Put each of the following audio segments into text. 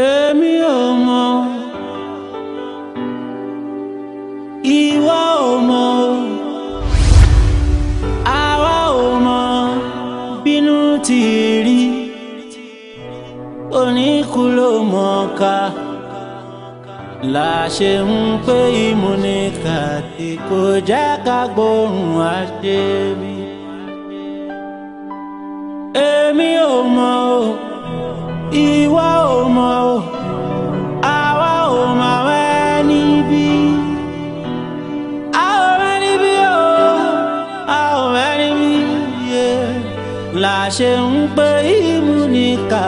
èmi ò mọ̀ ìwọ ò mọ̀ àwa ò mọ̀ bínú ti rí oníkú ló mọ̀ ká láṣẹ ń pé ìmúnikàtí kò jẹ́ ká gbóhùn àṣẹ mi èmi ò mọ̀ o ìwọ ò mọ̀ o àwa ò mọ̀ wẹ́ níbí a ò mẹ́ níbí o a ò mẹ́ níbí yẹ là ṣe ń pè ímú níkà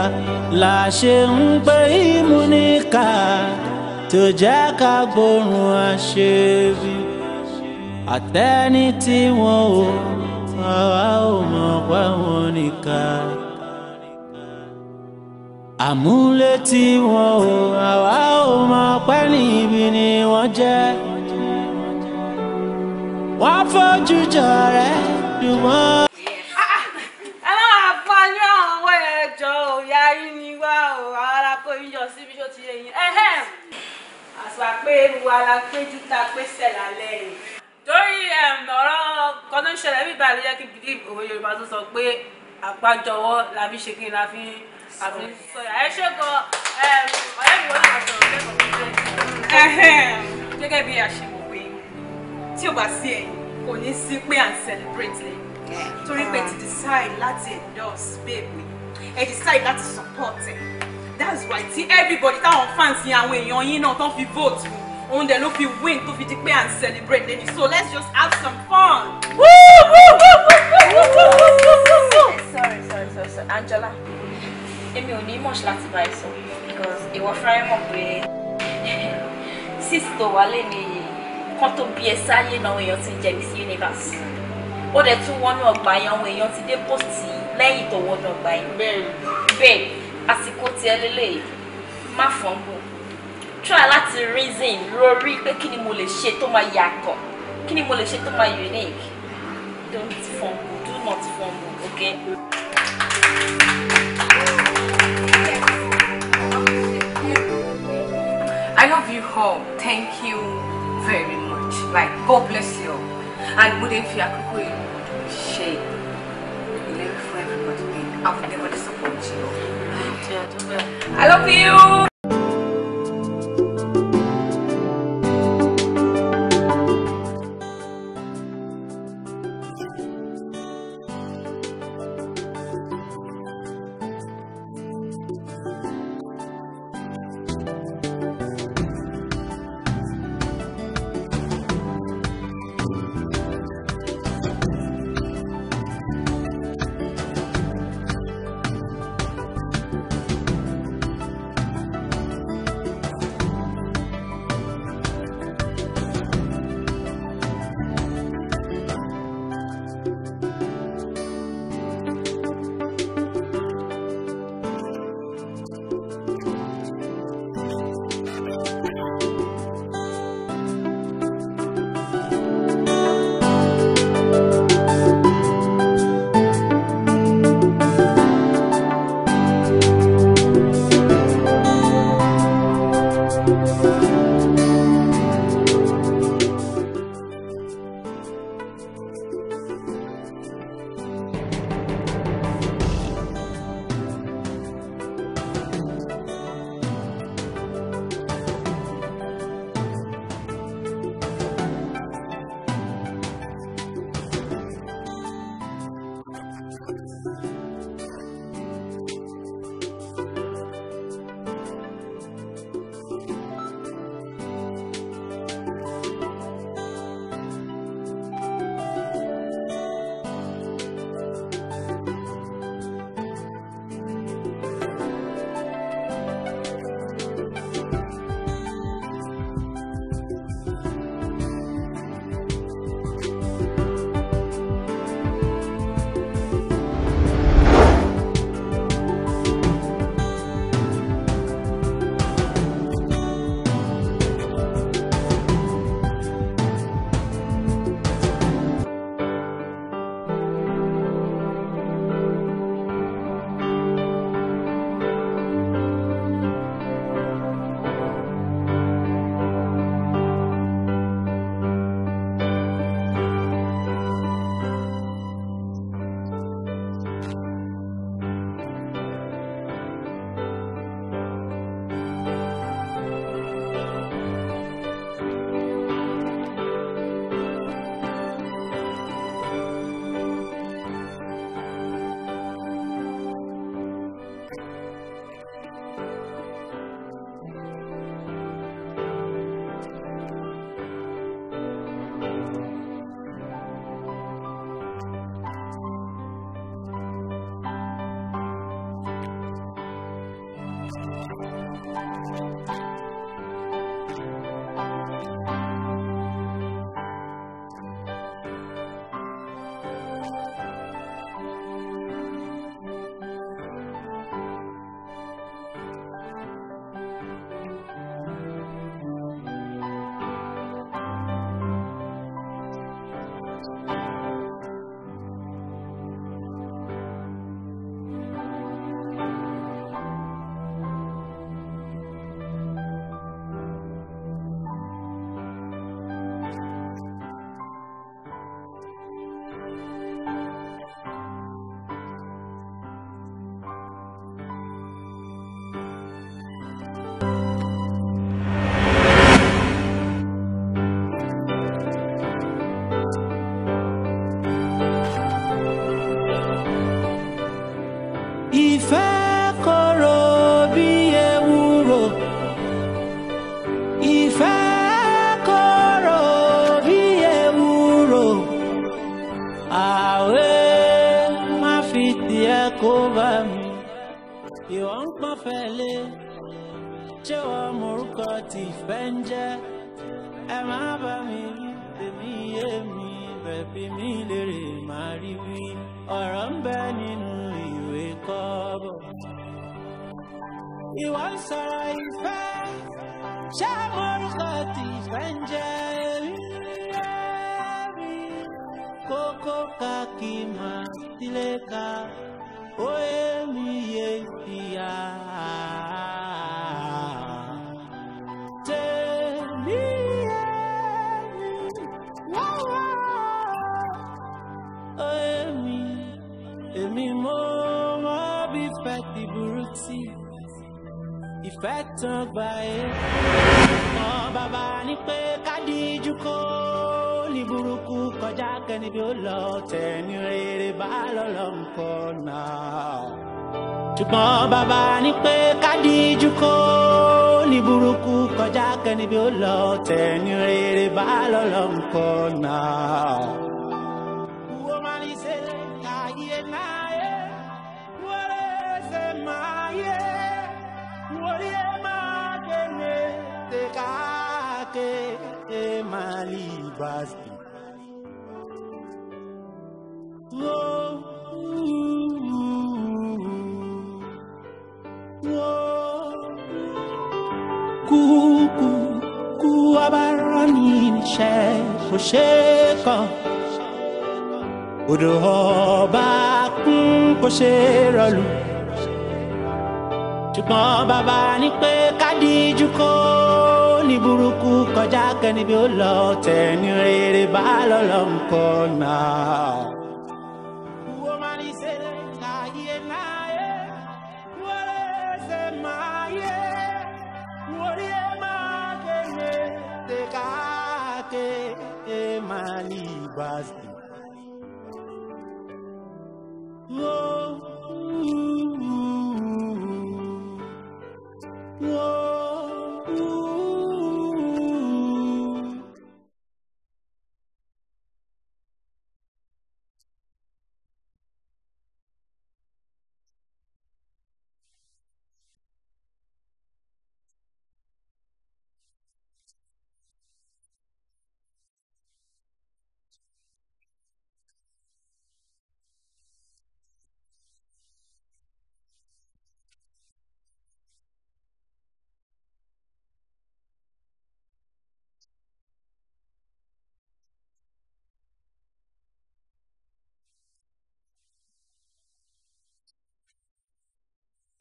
là ṣe ń pè ímú níkà tó jẹ́ ká gbóòórùn àṣebí àtẹ́ni tí wọ́n ò àwa ò mọ̀ pé wọ́n níkà àmúlétí wọn ò àwa ò mọ̀ pẹ́ níbi ni wọ́n jẹ́ wọ́n fojú jọ rẹ̀ ṣùgbọ́n. aláwọ̀ àfààní àwọn ẹ̀jọ̀ òyà yìí ni wá ò ara kó yíyọ síbi tó ti yẹ yín àṣà pé wa la péjú ta pé sẹ̀ lálẹ́ yìí. torí ọ̀rọ̀ kan tó ń ṣẹlẹ̀ bíbá ló yẹ kí bìlíìfù òwe Yorùbá tó sọ pé àpájọwọ́ la fi ṣe kí n la fi ń àbí sọ̀rọ̀ ẹ ṣe gan ọ̀rẹ́ mi wọ́n náà sọ̀rọ̀ lẹ́kọ̀ọ́ gẹ́gẹ́ bí tí ò bá sí ẹ̀yìn kò ní sí pé à ń celebrate lẹ́yìn torí pé ti decide láti endorse babe mi ẹ decide láti support ẹ that's why ti everybody táwọn fans yẹn àwọn èèyàn yín náà tán fi vote mi òun dẹ̀ ló fi win tó fi di pé à ń celebrate lẹ́yìn so let's just have some fun. sorry sorry sorry sorry Angela. Emi ò ní much láti bá ẹ because ìwọ fúnra ẹ mọ̀ pé sis tó wà lẹ́nu kan tó bí ẹ sáyé náà èèyàn ti ń jẹ Miss Universe ó dẹ̀ tún wọnú ọgbà yẹn àwọn èèyàn ti dé post lẹ́yìn tó wọnú ọgbà yẹn bẹ́ẹ̀ àsìkò tiẹ̀ lélẹ́yìí má fọ́n bò try lati reason lórí pe kini ni mo lè ṣe tó máa yàtọ̀ kí ni mo lè ṣe tó máa unique don't fumble do not fumble okay. I love you all. Thank you very much. Like, God bless you all. And mo dé fi àkókò yìí ṣe ìlérí fún everybody. I will never disappoint you. I love you. Kati Banjari Koko Kakima Tileka Oemi Yefia Temi Oemi mo mọ e bí fẹ́ ti burú tí ìfẹ́ tán gba ẹ́ bàbá ní pé kádìjú kó ní burúkú kọjá kẹni bí ó lọ tẹni rere bá lọ́lọ́ nǹkan náà. ṣùgbọ́n bàbá ní pé kádìjú kó ní burúkú kọjá kẹni bí ó lọ tẹni rere bá lọ́lọ́ nǹkan náà. Valley Valley. Kúkú kú abára ní iṣẹ́ kò ṣe é kàn. Odò ọba kún kò ṣe rọlù. Ṣùgbọ́n bàbá ní pé ká díjú kó kẹ́ni burúkú kọjá kẹ́ni bí ó lọ tẹ̀ni rere bá lọ́lọ́ nǹkan náà. Mani Basti.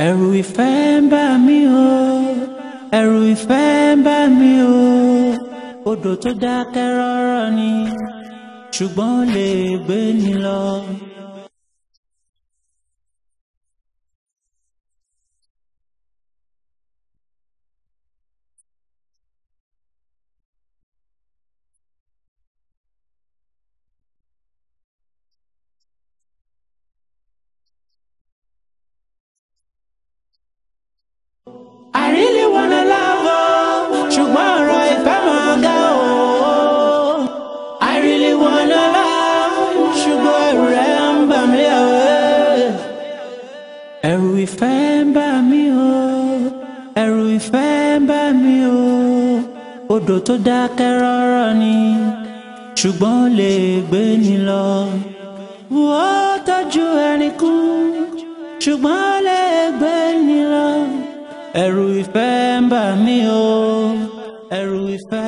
ẹ̀rù ìfẹ́ ń bà mí o ẹ̀rù ìfẹ́ ń bà mí o odò tó dákẹ́ rọ́rọ́ ni ṣùgbọ́n ó lè gbé ni lọ. tó dákẹ́ rọ́rọ́ ni ṣùgbọ́n ó lè gbé ni lọ. wọ́n tọ́jú ẹni kú ṣùgbọ́n ó lè gbé ni lọ. ẹ̀rù ìfẹ́ ń bà mí o ẹ̀rù ìfẹ́.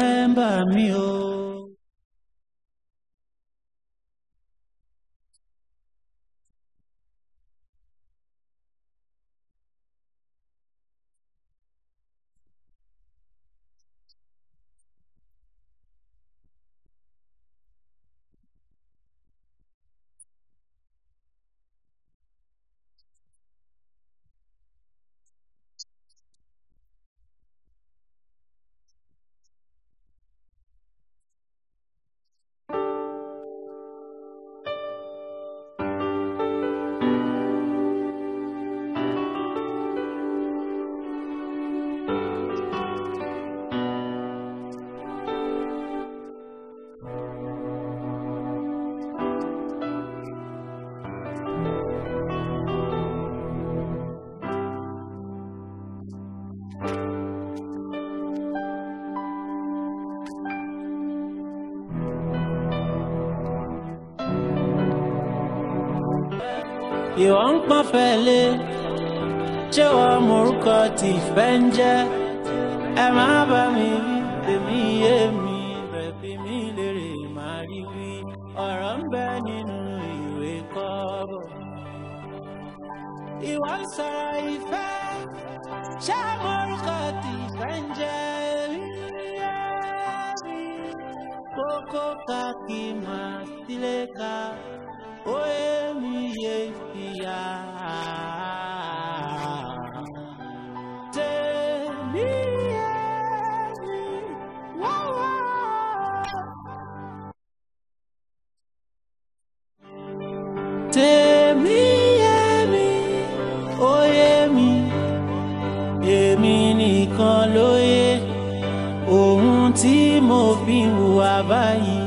báyìí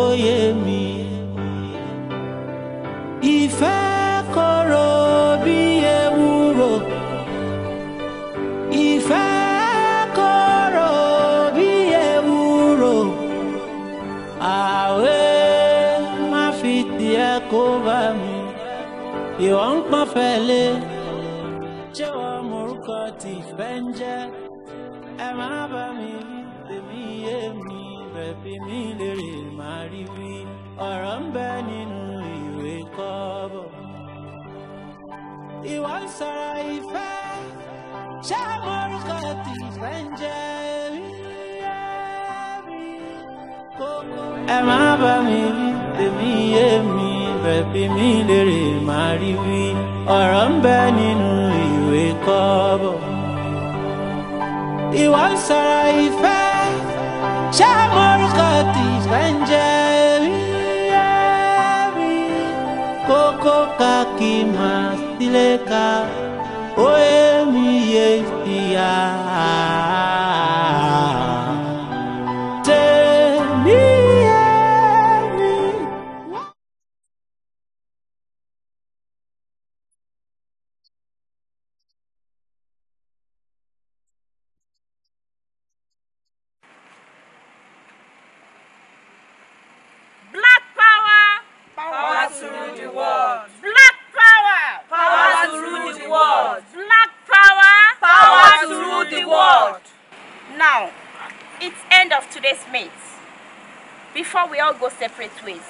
ó yé mi. Ìfẹ́ korò bí ewúro. Ìfẹ́ korò bí ewúro. Àwẹ̀ má fi tiẹ̀ kó bá mi. Ìwọ̀n ń pọ́n fẹ́ èmi lèrè máa rí wí ọ̀rọ̀ ń bẹ nínú ìwé kọ́bọ̀. ìwọ ń sọ̀rọ̀ ìfẹ́ ṣé morúkọ tí ìfẹ́ ń jẹ́ rí rí ẹ má bá mi rí tèmi yé mi bẹ̀bí mi lèrè máa rí wí ọ̀rọ̀ ń bẹ nínú ìwé kọ́bọ̀. ìwọ ń sọ̀rọ̀ ìfẹ́ ṣé morúkọ kakati kanjawi koko kakimas dileka oemi yestia before we all go separate ways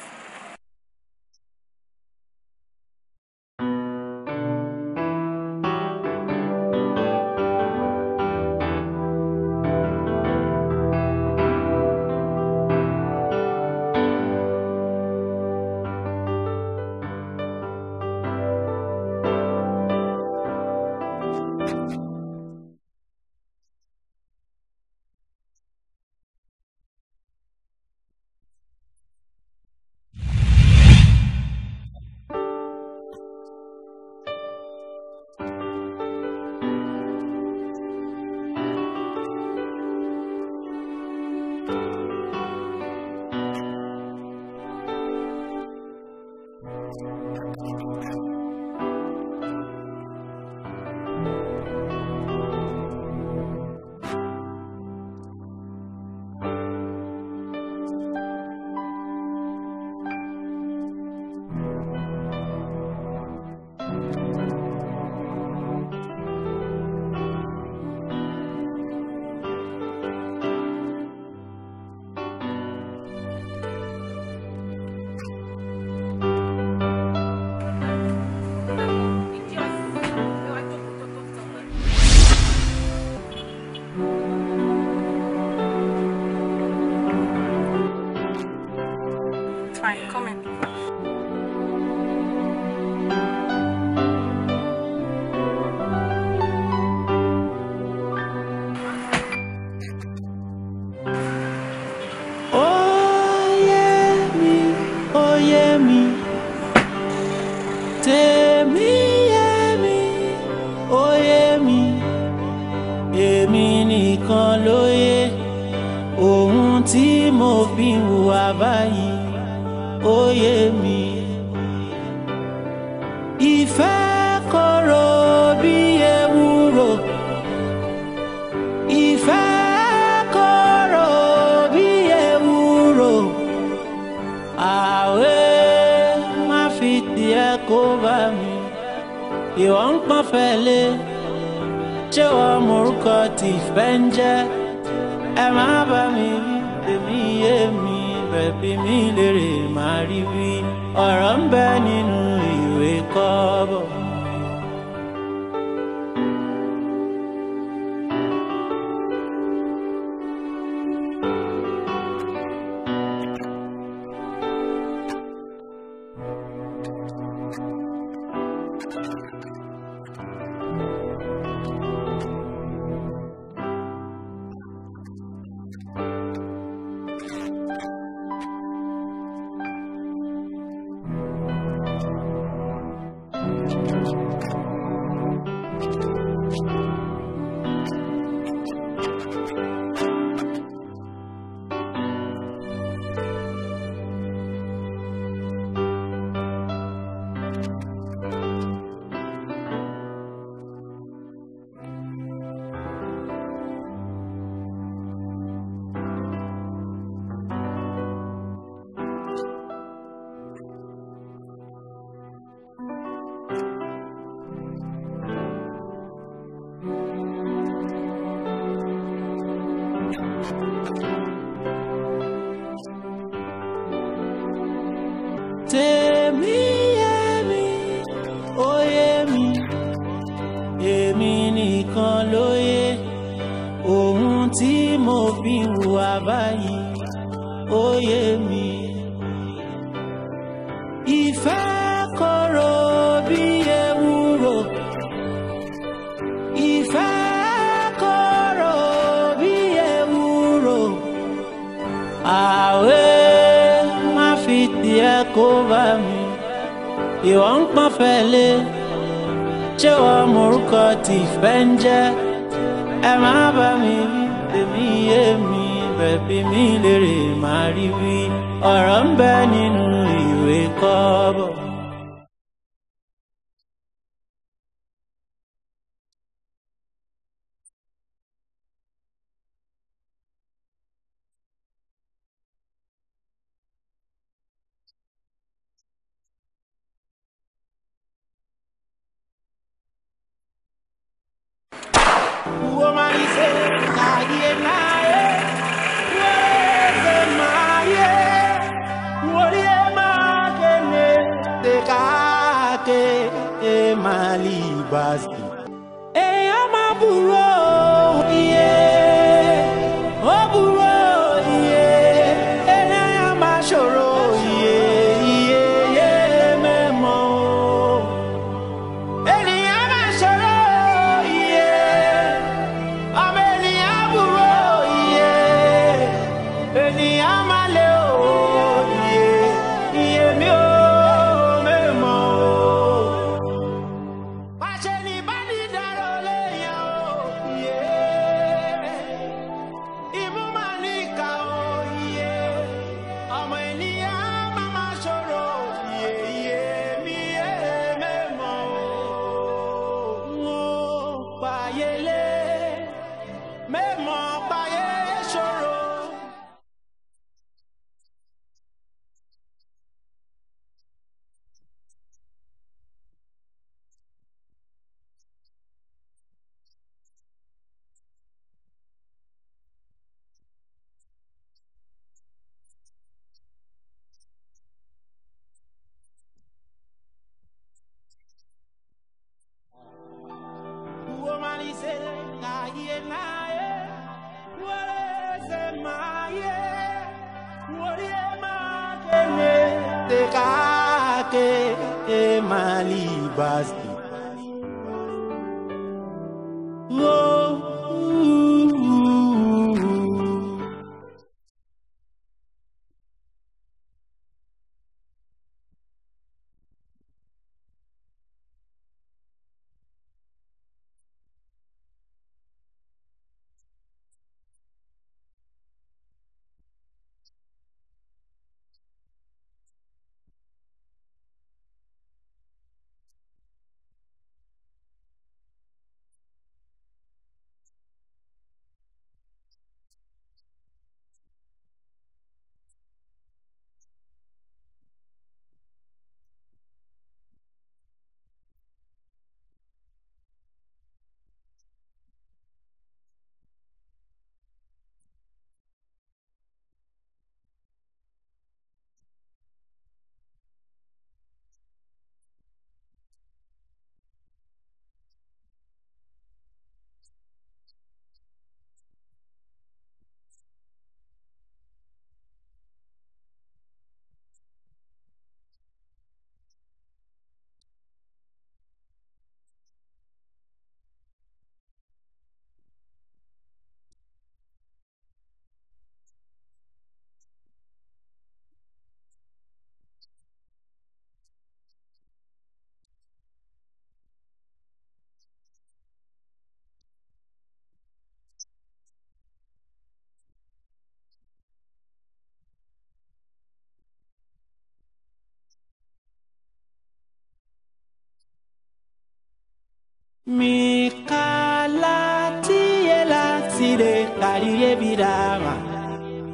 kariye birama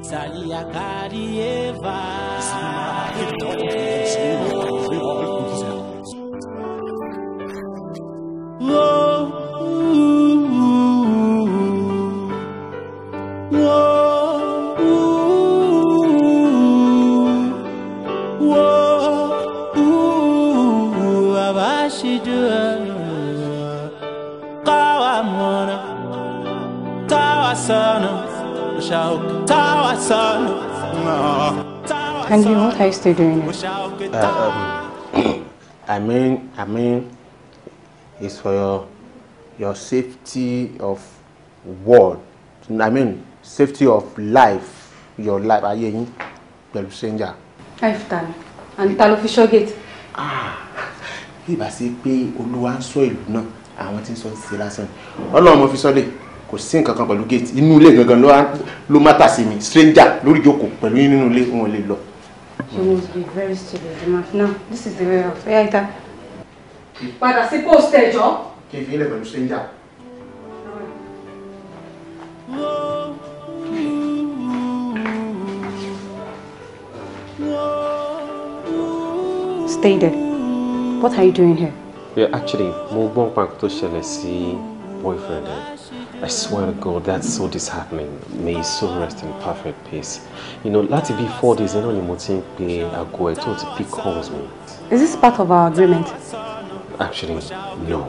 salia kariye va Whoa, whoa. she do Kawa mona And you, what are you still doing? Uh, um, I mean, I mean, it's for your, your safety of world. I mean, safety of life. Your life, Are you in stranger. Life and ta official gate. Ah, he ìbá ṣe pé Olúwa ń sọ ìlú to àwọn tí ń sọ ti ṣe lásán. Ọlọ́run kò sí nǹkan kan pẹ̀lú gate inú ilé gangan ló má tà sí mi stranger lórí ìjókòó pẹ̀lú nínú ilé wọn lè lọ. you must be very stupid now this is the way of ẹ̀yà ìta. padà sí post ẹjọ́. kí n fi ilẹ̀ pẹ̀lú stranger. Stay there. What are you doing here? Yeah, actually, mo gbọ́n pa nǹkan tó ṣẹlẹ̀ sí boyfriend ẹ̀. I swear to God, that's so disheartening. May his soul rest in perfect peace. You know, láti be four days náà ni mo ti ń pe aago ẹ̀ tó ti pick calls me. Is this part of our agreement? Actually, no.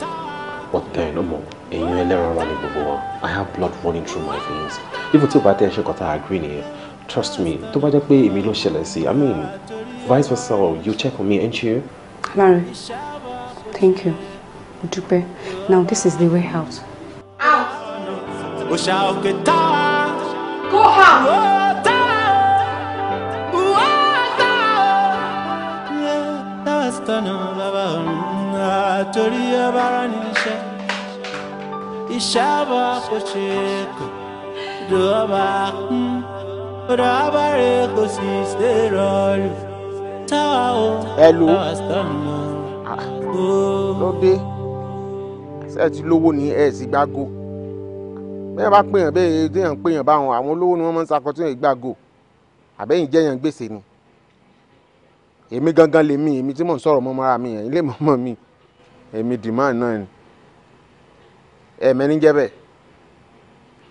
But then, ọmọ, èèyàn ẹlẹ́ran ara ni running before. I have blood running through my veins. Even tí o bá tẹ ẹṣin kan tá trust me, tó bá jẹ́ pé èmi jealousy. I mean, vice versa, you check on me, ain't you? Larry, thank you. Now this is the way out òṣà òkè tá a. kó hà. tá a wá tá a. táwa sì tọ́nà bàbá ọ̀run àtòrí ọba ara ṣe ti lówó ní ẹ sì gbáko bẹ́ẹ̀ bá pèèyàn bẹ́ẹ̀ déèyàn pèèyàn báwọn àwọn olówó ni wọ́n máa ń sakọ tí wọ́n gbà gò àbẹ́yìn jẹ́yàn gbèsè ni èmi gangan lèmi èmi tí mò ń sọ̀rọ̀ mọ́mọ́ ara mi ilé mọ́mọ́ mi èmi dìmáà náà ni ẹ̀mẹ́ni jẹ́ bẹ́ẹ̀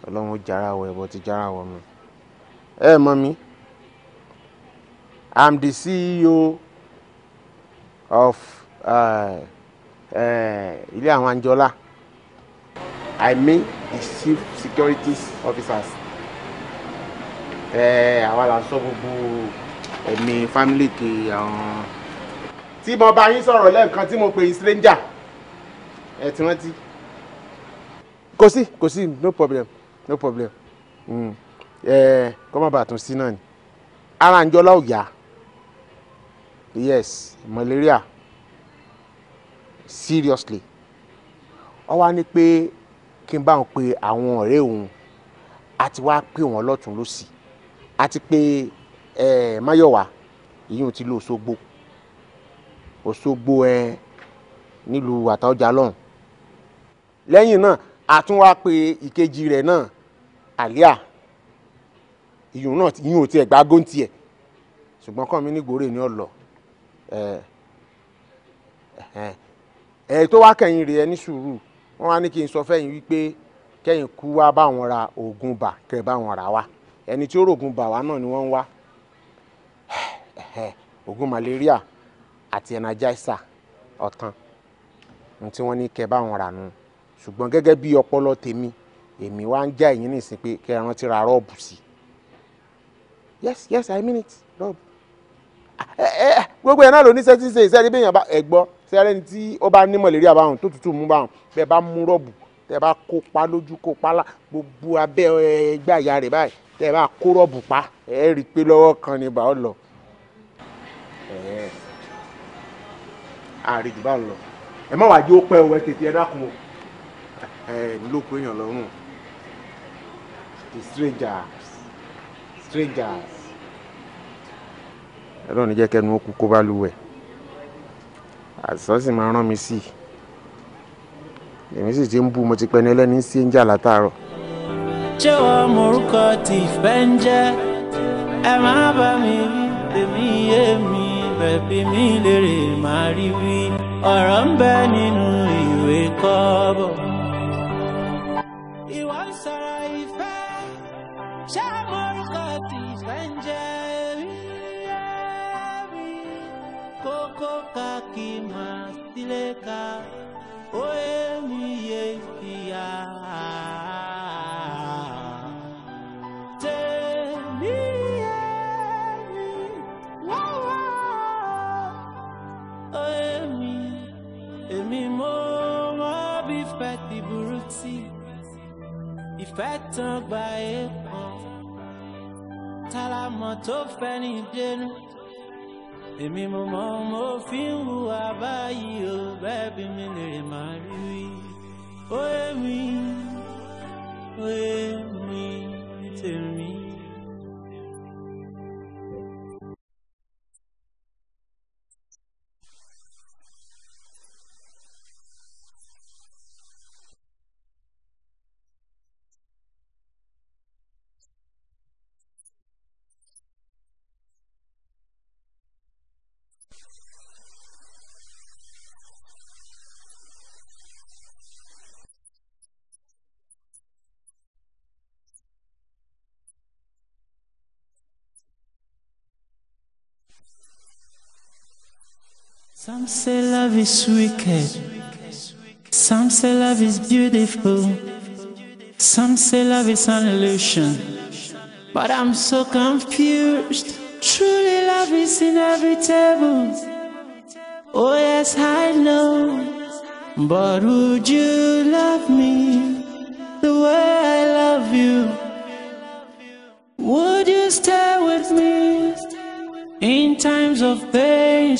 ọlọ́run jara wọ ẹ̀bọ ti jara wọ mi ẹ mọ̀ mi I'm the CEO of uh, eh, ilé àwọn Anjọ́lá. I mean the chief security officers eh, àwa là ń sọ gbogbo ẹ̀mí family kì àwọn. tí mo bá yín sọ̀rọ̀ lẹ́ẹ̀kan tí mo pè yín stranger ẹ̀ tí wọ́n ti. kò sí kò sí no problem no problem mm. eh, kọ́ má bàa tún sí náà ni ara ń jọlá òyà yes malaria seriously ọ wá ní pé kí n bá wọn pe àwọn ọ̀rẹ́ òun àti wá pè wọ́n lọ́tún lọ́sì àti pé ẹ Máyọ̀wá ìyún ti lọ Òṣogbo Òṣogbo ẹ nílùú Àtaọ́jà lọ́hùn lẹ́yìn náà àtúnwá pe ìkejì rẹ̀ náà àlíà ìyún náà ìyún ò tiẹ̀ gbá góńtì ẹ̀ ṣùgbọ́n kàn mí nígbòrè ní ọ̀lọ́ ẹ̀ ẹ̀ tó wá kẹ́yìn rẹ̀ ní sùúrù wọ́n wá ní kí n sọ fẹ́yìn wípé kẹ́yìn kú wá báwọn ra oògùn bà kẹ́ báwọn rà wá ẹni tí ó rògùn bà wá náà ni wọ́n ń wá oògùn malaria àti energizer ọ̀tàn ní tí wọ́n ní kẹ́ báwọn rà nù ṣùgbọ́n gẹ́gẹ́ bí ọpọlọ tèmi èmi wá ń já ẹ̀yìn nìsín pé kẹ́ rántí ra rọ́ọ̀bù sí yes yes i mean it rọ́ọ̀bù gbogbo ẹ̀ náà ló ní sẹ́tí ṣe ìṣẹ́rí bí èèyàn bá ẹ̀ gbọ́ sẹ́rẹ́ni tí ó bá nímọ̀ lérí àbáhùn tó tútù mú báhùn bẹ́ẹ̀ bá mú rọ́ọ̀bù tẹ́ bá kó pa lójú kó pa lá gbogbo abẹ́ ẹgbẹ́ àyà rẹ̀ báyìí tẹ́ bá kó rọ́ọ̀bù pa ẹ rí i pé lọ́wọ́ kan ni bàá lọ. àrídì bá ń lọ ẹ má wàá ó pẹ́ ọwọ́ tètè ẹ dákun o ẹ ló pé èèyàn lọ́rùn the strangers strangers. ẹ lọ́run jẹ́ kẹ́nu ó kú kó bá lu ẹ̀ àìsàn sì máa rán mi sí i èmi sì ti ń bú mo ti pẹni ẹlẹ́ni sí ń jà látàárọ̀. ṣé wọn morúkọ tí ìfẹ́ ń jẹ́ ẹ má bá mi wí èmi yé mi bẹ̀bí mi lérè má rí wí ọ̀rọ̀ ń bẹ nínú ìwé kọ́bọ̀. leka oye mi ye ìyá. tèmi yé mi wáwá oye mi èmi mo mọ bí fẹ́ ìfẹ́ tán gba èèkàn e tálámọ̀ tó fẹ́ ní dénú. Emi mo mo fi ń hùwà o bẹ́ẹ̀ bí mi lè máa rí. Some say love is wicked. Some say love is beautiful. Some say love is an illusion. But I'm so confused. Truly, love is inevitable. Oh, yes, I know. But would you love me the way I love you? Would you stay with me in times of pain?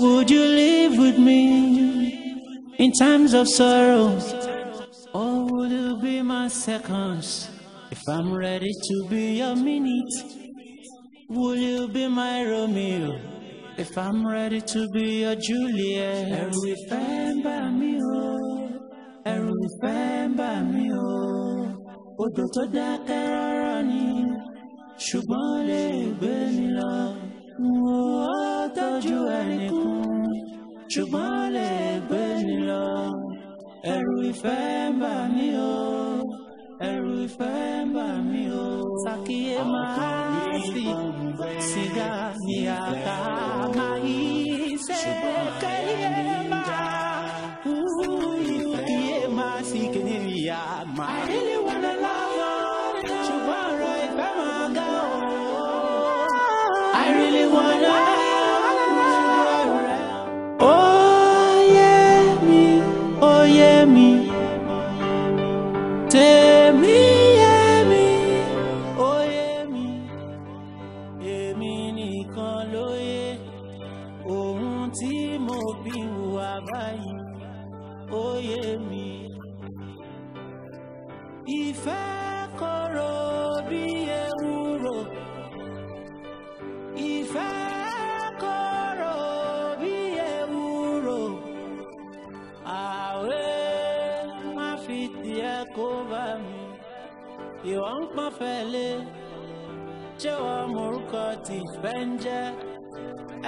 Would you live with me in times of sorrow? Or would you be my seconds if I'm ready to be your minute? Would you be my Romeo if I'm ready to be your Juliet? Ẹ̀rù ìfẹ́ ń bà mí o, ẹ̀rù ìfẹ́ ń bà mí o, odò tó dákẹ́ rọ́rọ́ ni, ṣùgbọ́n lè gbé ó tọ́jú ẹnìkan ṣùgbọ́n lè gbé ni lọ ẹrù ìfẹ́ ń bà mí o ẹrù ìfẹ́ ń bà mí o sàkíyè máa sì sìgá mi àká máa yí ṣe Tiż będzie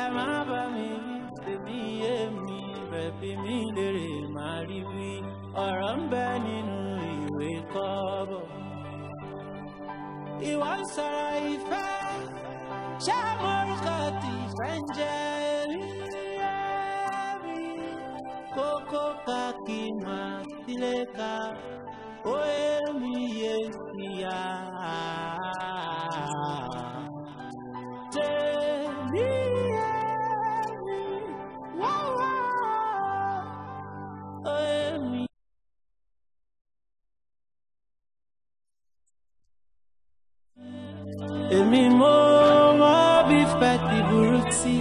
ẹ má bá mi wí tèmi yé mi rẹ̀ mi lèrè má rí wí ọ̀rọ̀ ń bẹ nínú ìwé kọ́bọ̀. ìwọ ń sọ̀rọ̀ ìfẹ́ ṣé morúkọ tí ìfẹ́ ń jẹ́ rí rí kókó ká máa sílé ká ó yé mi yé sí tèmi èmi mo mọ bí ìfẹ́ ti burú sí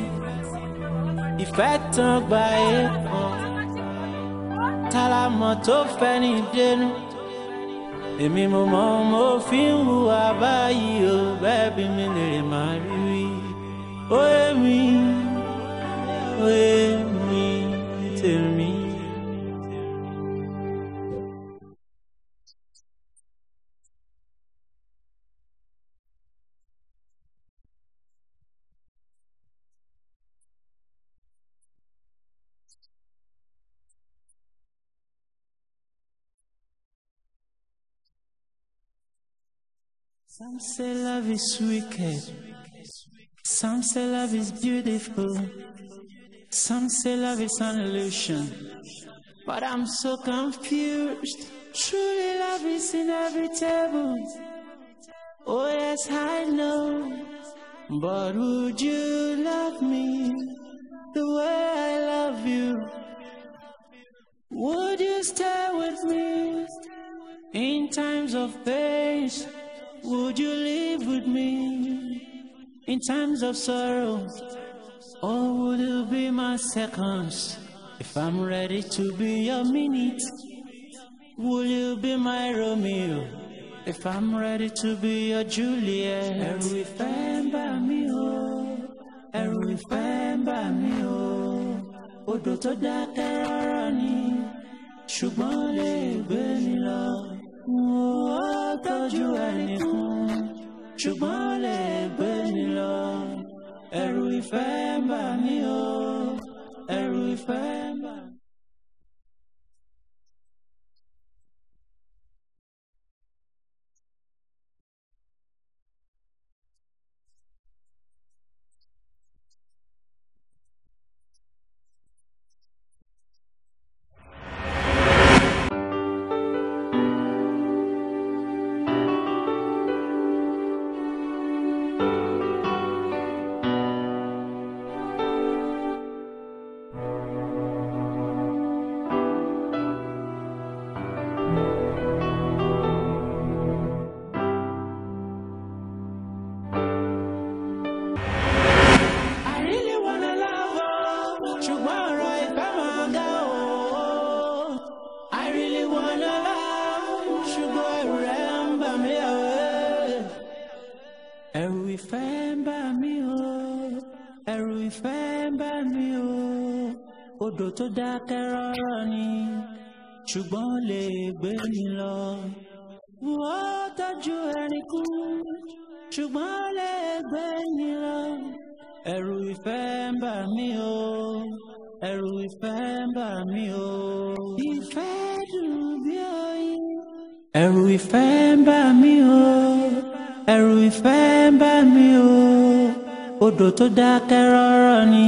ìfẹ́ tán gba èèkàn tálámọ̀ tó fẹ́ ní dénú èmi mo mọ mo fi ń hùwà báyìí o bẹ́ẹ̀ bí mi lè má rí rí. Oye me, oye me, tell me. Some say love is wicked. Some say love is beautiful, some say love is an illusion. But I'm so confused. Truly, love is inevitable. Oh, yes, I know. But would you love me the way I love you? Would you stay with me in times of pain? Would you live with me? In times of sorrow, oh, would you be my seconds? If I'm ready to be your minute, will you be my Romeo? If I'm ready to be your Juliet, ẹ̀rù ìfẹ́ ń bà mí o, ẹ̀rù ìfẹ́ ń bà mí o, odò tó dákẹ́ rárá ni, ṣùgbọ́n lè gbé mi lọ, mo tọ́jú ẹnì kan. ṣùgbọ́n lè gbé ni lọ ẹ̀rù ìfẹ́ ń bà o ẹ̀rù ìfẹ́ ń bà tó dákẹ́ rọ́rọ́ ni ṣùgbọ́n lè gbé ni lọ. Wọ́n tọ́jú ẹni kú ṣùgbọ́n lè gbé ni lọ. Ẹ̀rù ìfẹ́ ń bà mí o, ẹ̀rù ìfẹ́ ń bà mí o. Ìfẹ́ dùn bí oyin. Ẹ̀rù ìfẹ́ ń bà mí o, ẹ̀rù ìfẹ́ ń bà mí o. Odò tó dákẹ́ rọ́rọ́ ni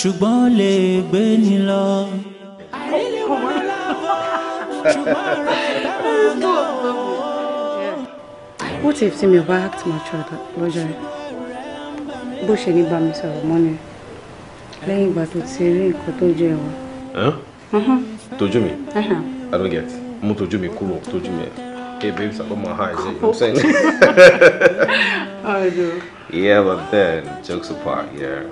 ṣùgbọ́n lè gbé ni lọ. What if tí mi ò bá act mature lọ́jọ́ rẹ̀? Bó ṣe ní bá mi sọ̀rọ̀ mọ́ ni lẹ́yìn ìgbà tó ti rí nǹkan tó jẹ́ wa. Tójú mi, I don't get, mú tójú mi kúrò tójú mi. Hey babes, I got my high, you know what I'm saying? I do. Yeah, but then, jokes apart, yeah.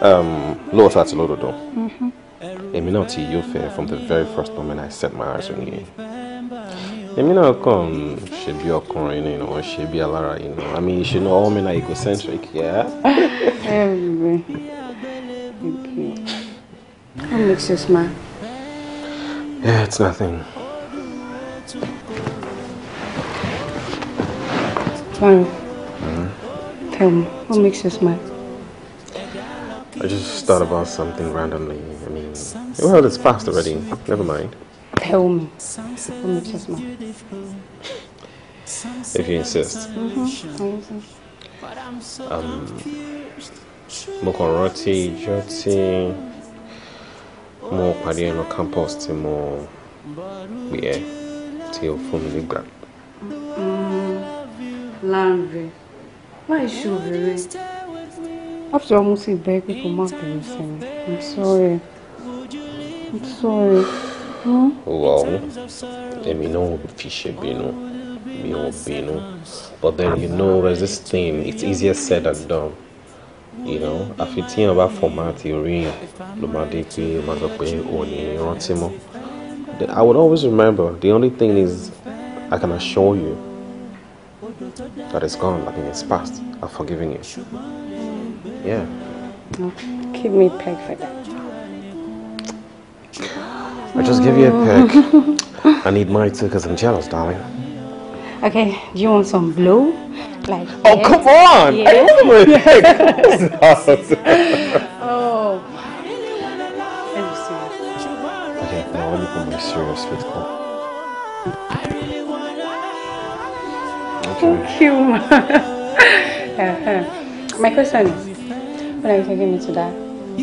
Um, lóòótọ́ àti lódodo mm-hmm. èmi náà ti yóò fẹ́ from the very first moment I set my eyes on you èmi náà kàn ṣe bí ọkùnrin ni wọ́n ṣe bí alára yìí nù àmì know all men are egocentric yeah. What makes you smile? Yeah, it's nothing. Fine. Mm-hmm. Tell me, what makes you smile? I just thought about something randomly. I mean, well, it's past already. Never mind. Tell me. If you insist. Mm-hmm. Um, mo kàn rántí ijọ́ tí mo pàdé ẹnu campus tí mo pè ẹ́ tí o fún mi nígbà. Láńre, why ṣe obìnrin? After all, mo sì bẹ̀ pé kó má bẹ̀rù sí I'm sorry. I'm sorry. Hmm? Well, èmi náà ò fi ṣe bínú. Mi ò bínú. But then you know there's this thing, it's easier said than done. You know, àfi tí yàn about fọ̀mátì orí yàn ló máa dé pé máa I would always remember, the only thing is I can assure you that it's gone, I mean it's past, I'm forgiving you. Yeah. Keep me peg for that. I just give you a peg. I need my two because I'm jealous, darling. Okay, do you want some blue? Like Oh, yes. come on! Yes. I don't want a peg. oh. Okay, now let me put my serious with cool. Thank you. uh My question is, pra ìṣẹ́jú mi tó dáa.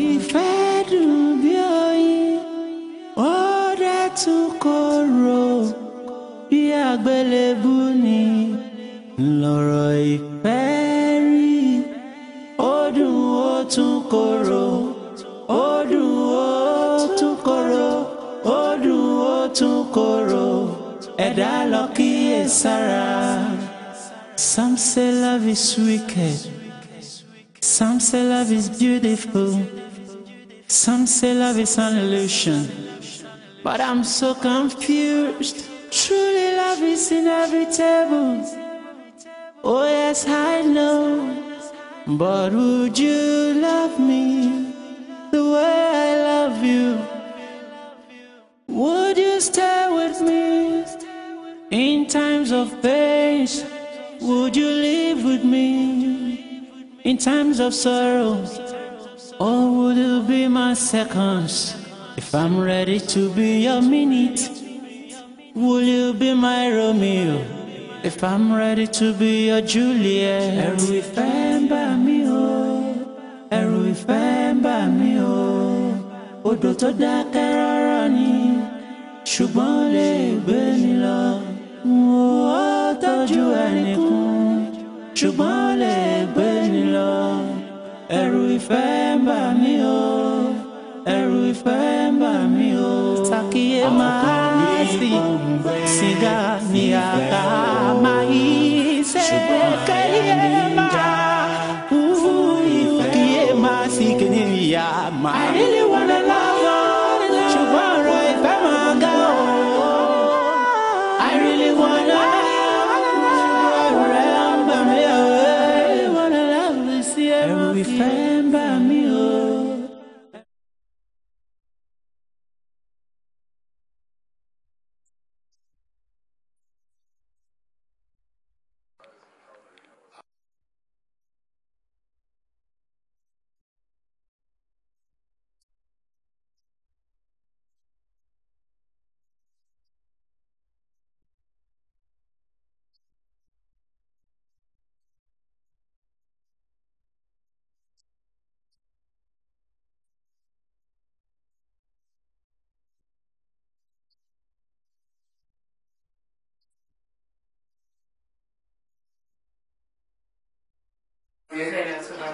ìfẹ́ dùn bí oyin ó dẹ̀ tún korò bí àgbélébù ni lọ́rọ̀ ìfẹ́ rí ó dùn ó tún korò ó dùn ó tún korò ó dùn ó tún korò ẹ̀dá Some say love is wicked. Some say love is beautiful, some say love is an illusion. But I'm so confused. Truly, love is inevitable. Oh, yes, I know. But would you love me the way I love you? Would you stay with me in times of pain? Would you live with me? In times of sorrow, oh, would you be my seconds? If I'm ready to be your minute, will you be my Romeo? If I'm ready to be your Juliet. Ẹ̀rù ìfẹ́ ń bà mí o, ẹ̀rù ìfẹ́ ń bà mí o, odò tó dákẹ́ rọ́rọ́ ni, ṣùgbọ́n lè gbé mi lọ. Mo ò tọ́jú ẹnìkan, ṣùgbọ́n lè gbé mi lọ ẹ̀rù ìfẹ́ ń bà mí o ẹ̀rù ìfẹ́ ń bà mí o. takiye máa sì sìgá ní àká.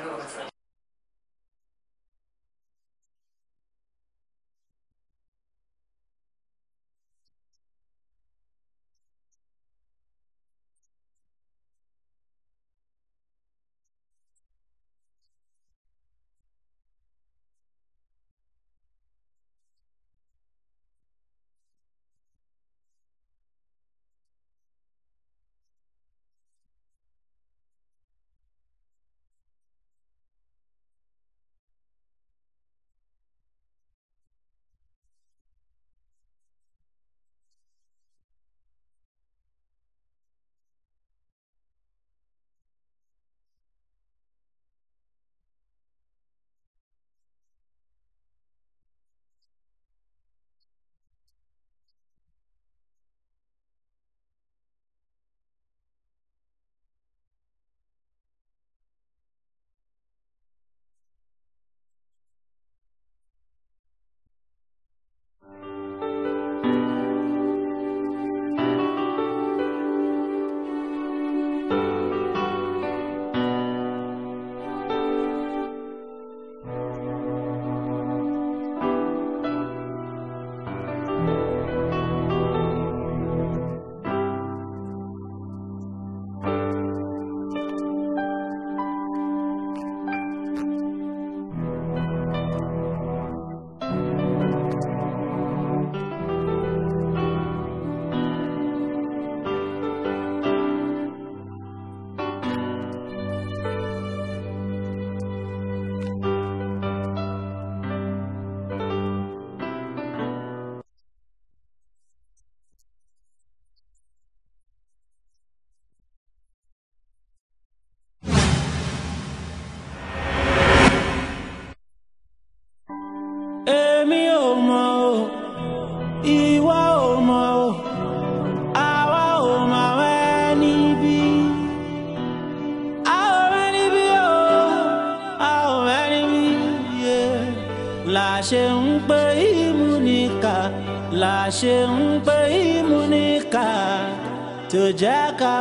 Lord.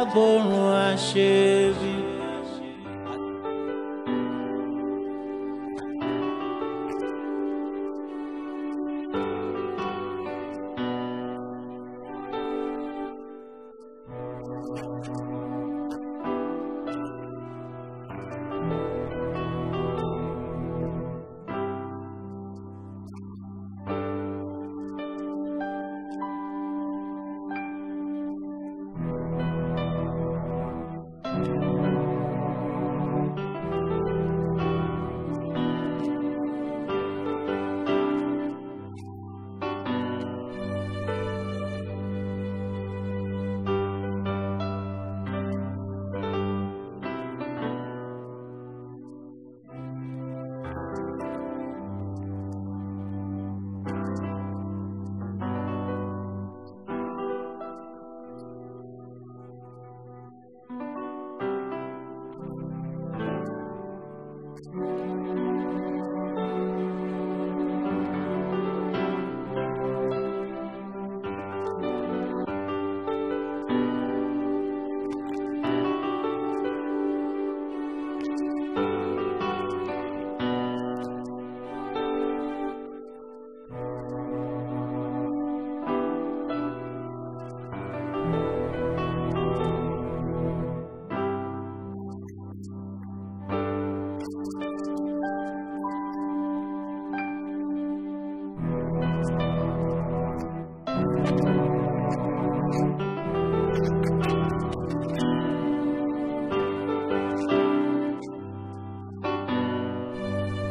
agbórun àṣebí.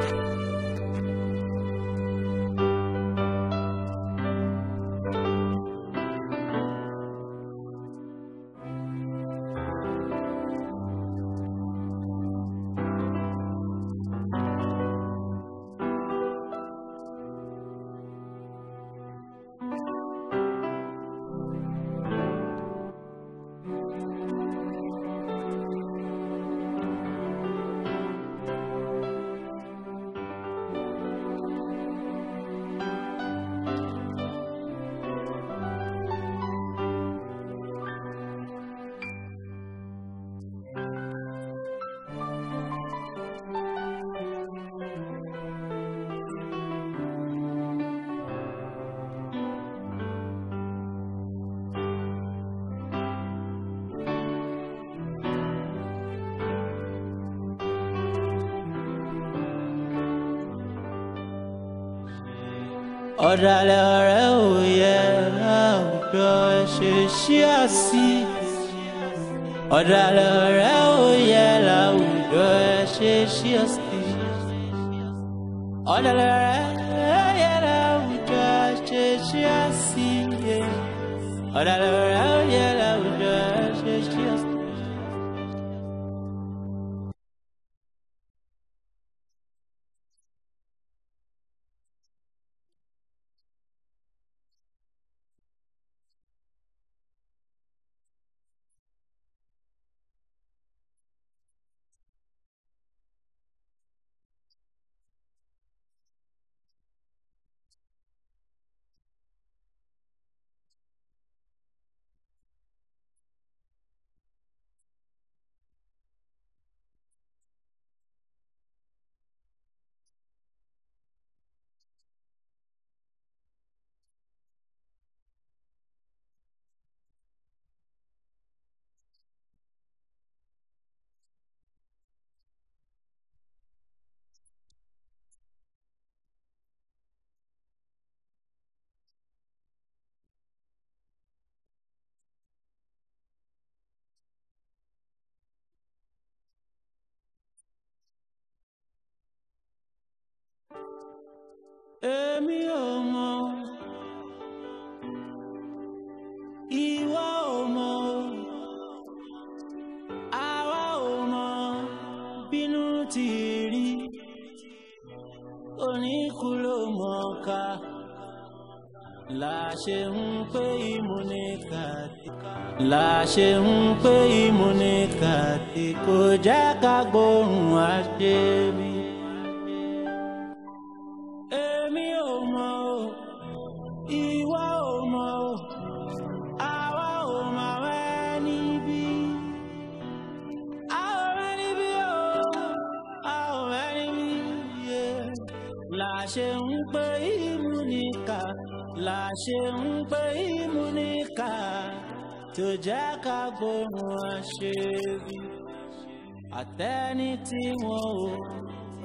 you ọ̀dàlẹ̀ ọ̀rẹ́ ò yẹ àwùjọ ṣe ṣí àṣì ọ̀dàlẹ̀ ọ̀rẹ́ ò yẹ làwùjọ ṣe ṣí àṣì ọ̀dàlẹ̀ ọ̀rẹ́ ò yẹ làwùjọ ṣe ṣí àṣì ọ̀dàlẹ̀ ọ̀rẹ́. èmi ò mọ̀ ìwọ ò mọ̀ àwa ò mọ̀ bínú ti rí oníkú ló mọ̀ ká láṣẹ ń pé ìmúnika láṣẹ ń pé ìmúnika tí kò jẹ́ ká gbóhùn àṣẹ mi. ṣe ń pé ìmúníkà tó jẹ́ ká gbóhùn àṣebí àtẹ́ni tí wọ́n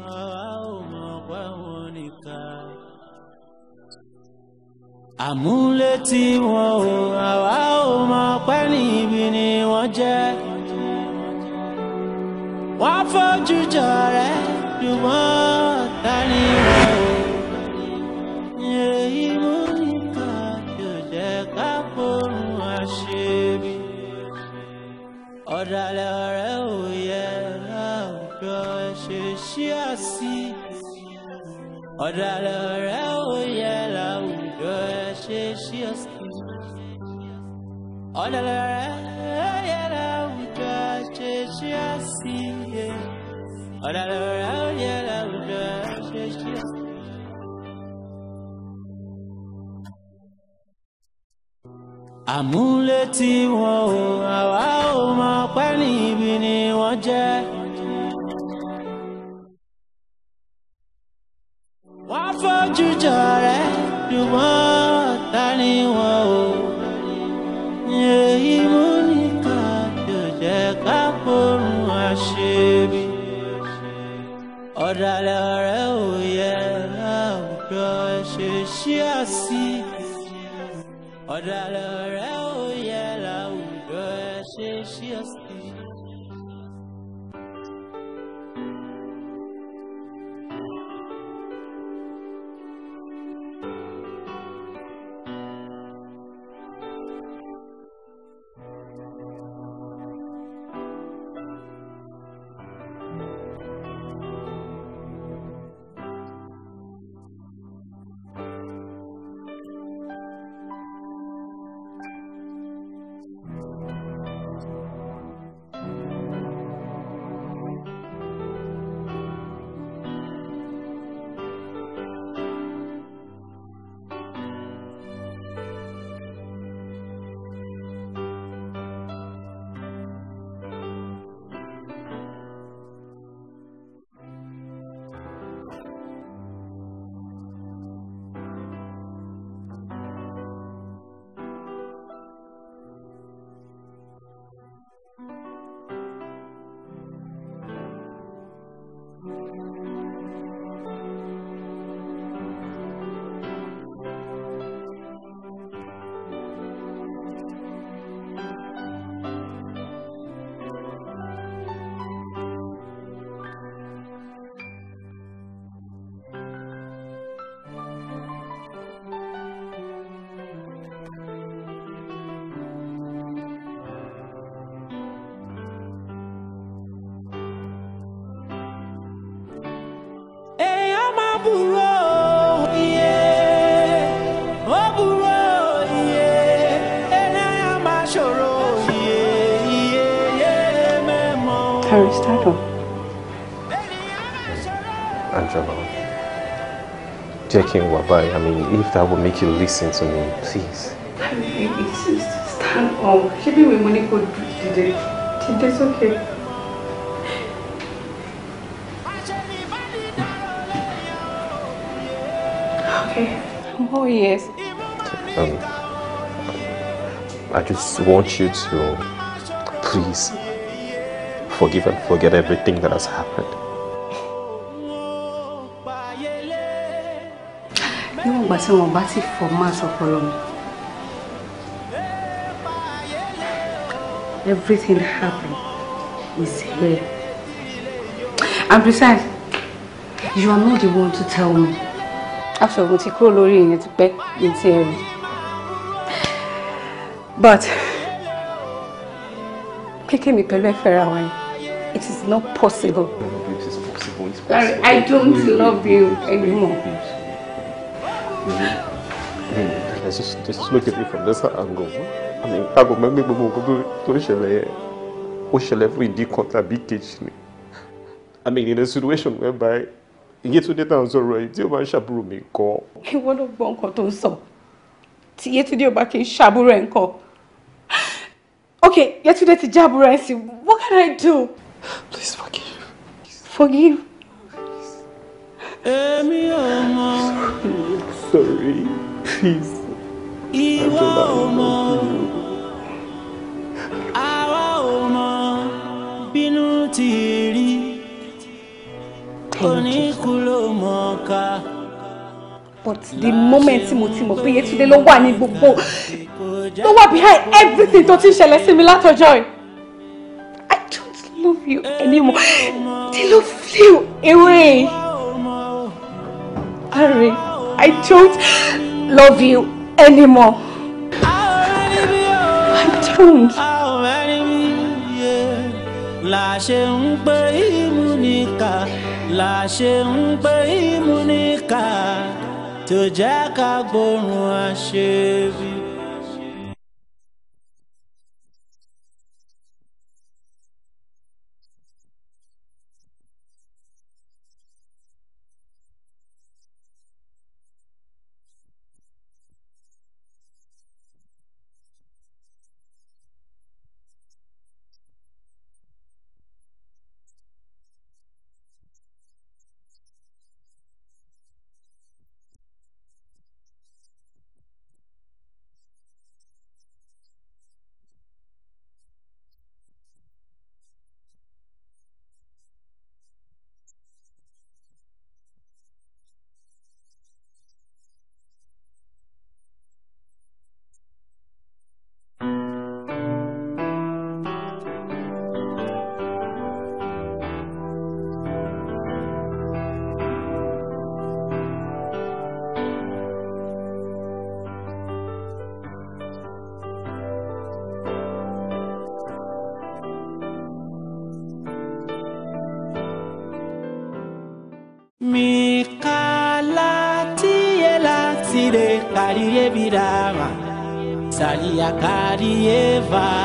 ò àwa ò mọ̀ pé wọ́n níkà. àmúlé tí wọ́n ò àwa ò mọ̀ pé níbi ni wọ́n jẹ́. wọ́n fojú jọ rẹ̀ ṣùgbọ́n ta ni wọ́n. ṣí ọ sí ọ̀dàlẹ̀ rẹ̀ ò yẹ láwùjọ ẹ ṣe ṣí ọ sí ọ̀dàlẹ̀ rẹ̀ ò yẹ láwùjọ ẹ ṣe ṣí ọ sí wọn ò àwa ò mọ pẹ́ níbi ni wọ́n jẹ́. ojújọ rẹ dùnmọ́ tani wọn o èyí mú nìkan yóò jẹ́ ká pòrùn àṣebi ọ̀dàlẹ̀ ọ̀rẹ́ ò yẹ àwùjọ ṣe ṣí àṣì ọ̀dàlẹ̀ ọ̀rẹ́ ò yẹ làwùjọ ṣe ṣí àṣì. jẹ́ kí n I mean if that would make you listen to me please. I mean it's stand up ṣé bí ìwé mo ní today. dìde dìde sókè. Okay. Oh yes. Um, I just want you to please forgive and forget everything that has happened. ìgbà tí wọn bá ti fọ máa sọpọlọ mi. Everything happened is here. And besides, you are not the one to tell me. After mo ti kúrò lórí ìyẹn ti pẹ́ ní ti ẹ̀rù. But kíkẹ́ mi pẹ̀lú ẹ̀fẹ́ ra wọn it is not possible. possible. Larry, I don't love you anymore. just just look at it from this angle I mean káàkó go gbogbo nǹkan tó ń ṣẹlẹ̀ yẹn every day. fún ìdí kan tàbí kejì ni I mean in a situation whereby you get to the tí ó máa ń ṣàbúrò mi kọ́. ìwọ ló gbọ́ nǹkan tó ń sọ tí Yétúndé ò bá kì í ṣàbúrò ẹ̀ ń kọ́ okay Yétúndé ti jábúrò ẹ̀ sí what can I do. please forgive. forgive. Sorry. Sorry, please ìwọ ò mọ̀ àwa ò mọ̀ bínú ti rí oníkú ló but the moment tí mo ti mọ̀ pé Yétúndé ló wà ní gbogbo ló wà behind everything tó ti ń ṣẹlẹ̀ sí mi látọjọ́ yìí I don't love you anymore the love flew away. Harry, I don't love you anymore. I don't. survive.